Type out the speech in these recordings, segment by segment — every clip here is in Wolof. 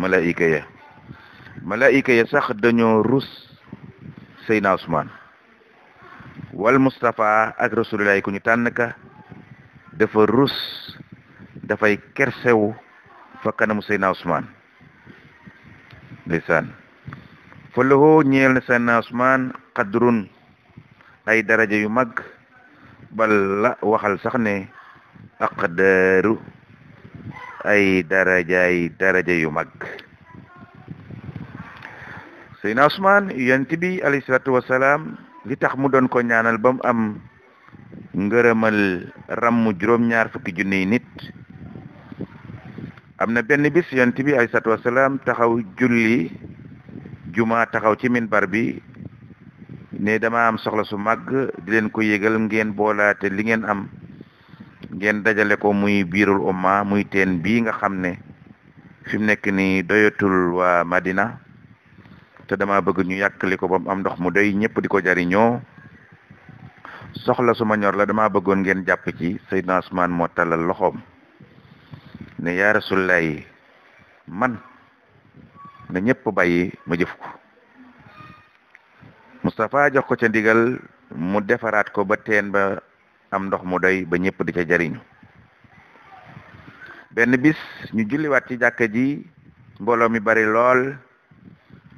malaayika ya malaayika ya sax dañoo rus Seydina Ousmane wal Moustapha ak rasulullah ku ñu dafa rus dafay kersewu fa kanamu Seydina Ousmane ndeysaan fa lahoo ñeel na Seydina Ousmane qadrun ay daraja yu mag bal waxal sax ne aqdaru ay darajaay daraja yu mag Seydina Usmaan yonent bi alayhi salaatu wasalaam li tax mu doon ko ñaanal ba mu am ngërëmal ràmm juróom-ñaar fukki junniy nit am na benn bis yonent bi alayhi salaatu wasalaam taxaw julli juma taxaw ci minbar bi ne dama am soxla su mag di leen ko yëgal ngeen boolaate li ngeen am ngeen dajale ko muy biirul umma muy teen bii nga xam ne fi mu nekk nii doyatul waa Madina te dama bëgg ñu yàkkali ko ba mu am ndox mu doy ñëpp di ko jariñoo soxla suma ñor la dama bëggoon ngeen jàpp ci Seydina man moo tallal loxoom ne yaa Rasulullaay man na ñëpp bàyyi ma jëf ko Moustapha jox ko ca digal mu defaraat ko ba teen ba am ndox mu doy ba ñëpp di ca jariñu benn bis ñu julliwaat ci jàkka ji mbooloo mi bari lool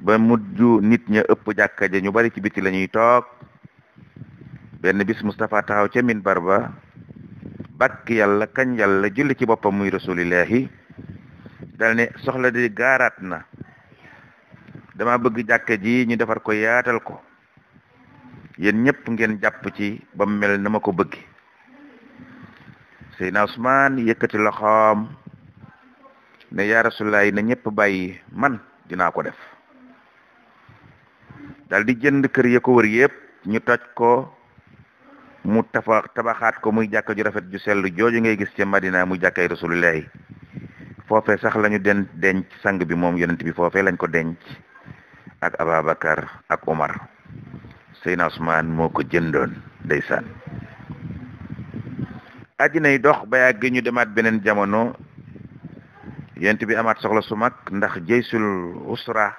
ba mujj nit ña ëpp jàkka ja ñu bari ci biti la ñuy toog benn bis Moustapha taxaw ca minbar ba bàkk yàlla kañ yàlla julli ci boppam muy rasulillahi dal ne soxla di gaaraat na dama bëgg jàkka ji ñu defar ko yaatal ko yéen ñëpp ngeen jàpp ci ba mel na ma ko bëgg Seydina Usmaan yëkkati loxoom ne yaa Rasulullaah na ñëpp bàyyi man dinaa ko def dal di jënd kër yee ko wër yëpp ñu toj ko mu tafa tabaxaat ko muy jàkka ju rafet ju sell jooju ngay gis ca Madina muy jàkkay Rasulullaah foofe sax lañu den denc sang bi moom yonent bi foofe lañ ko denc ak Ababakar ak Omar Seydina Ousmane moo ko jëndoon day ndeysaan àddina yi dox ba yàgg ñu demaat beneen jamono yent bi amaat soxla su mag ndax jeysul usra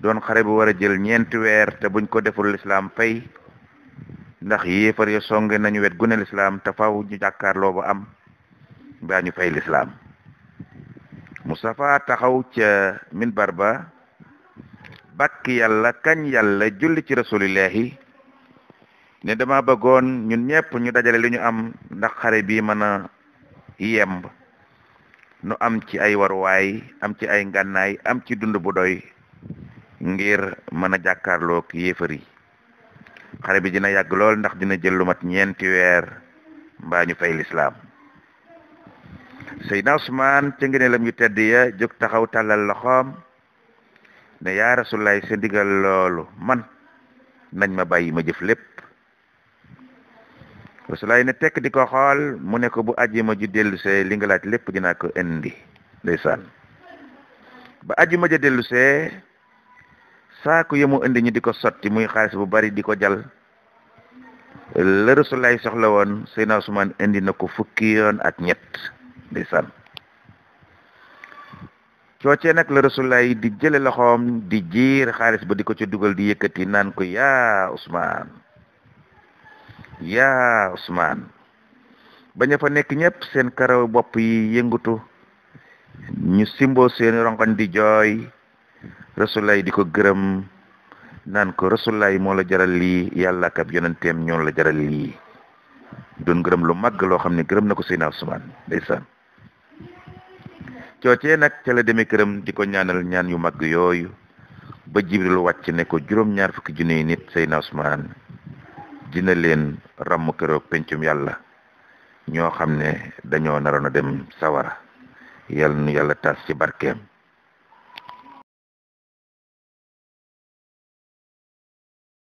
doon xare bu war a jël ñeenti weer te buñ ko deful lislaam fay ndax yéefar ya songe nañu wet gune lislaam te faw ñu jàkkaarloo ba am baa ñu fay lislaam Mustafa taxaw ca minbar ba bàkk yàlla kañ yàlla julli ci rasulillahi ne dama bëggoon ñun ñëpp ñu dajale li ñu am ndax xare bii mën a yemb nu am ci ay waruwaay am ci ay ngànnaay am ci dund bu doy ngir mën a jàkkaarlook yéefar yi xare bi dina yàgg lool ndax dina jël lu mat ñeenti weer mbaa ñu fay lislaam Seydina Usmaan ca ngëneelam yu tedd ya jóg taxaw tàllal loxoom ne yaa rasulaay sa digal loolu man nañ ma bàyyi ma jëf lépp rasulaay ne tekk di ko xool mu ne ko bu ajjuma ji dellu see li nga laaj lépp dinaa ko indi ndeysaan ba ajjuma ja dellu see saako yemu indi ñu di ko sotti muy xaalis bu bari di ko jal la rasulaay soxla woon Seydina Ousmane indi na ko fukki yoon ak ñett ndeysaan coocee nag la rasulullah di jële loxoom di jiir xaalis ba di ko ci dugal di yëkkati naan ko yaa Ousmane yaa Ousmane ba fa nekk ñépp seen karaw bopp yi yëngutu ñu simboo seen rongoñ di jooy rasulullah di ko gërëm naan ko rasulullah yi moo la jaral lii yàlla ak ab yonenteem ñoo la jaral lii doon gërëm lu màgg loo xam ne gërëm na ko Seydina Ousmane ndeysaan coocee nag ca la demee këram di ko ñaanal ñaan yu mag yooyu ba jibril wàcc ne ko juróom-ñaar fukki junne yi nit Seydina Ousmane dina leen ràmm këroog pencum yàlla ñoo xam ne dañoo naroon a dem sawara yal yàlla taas ci barkeem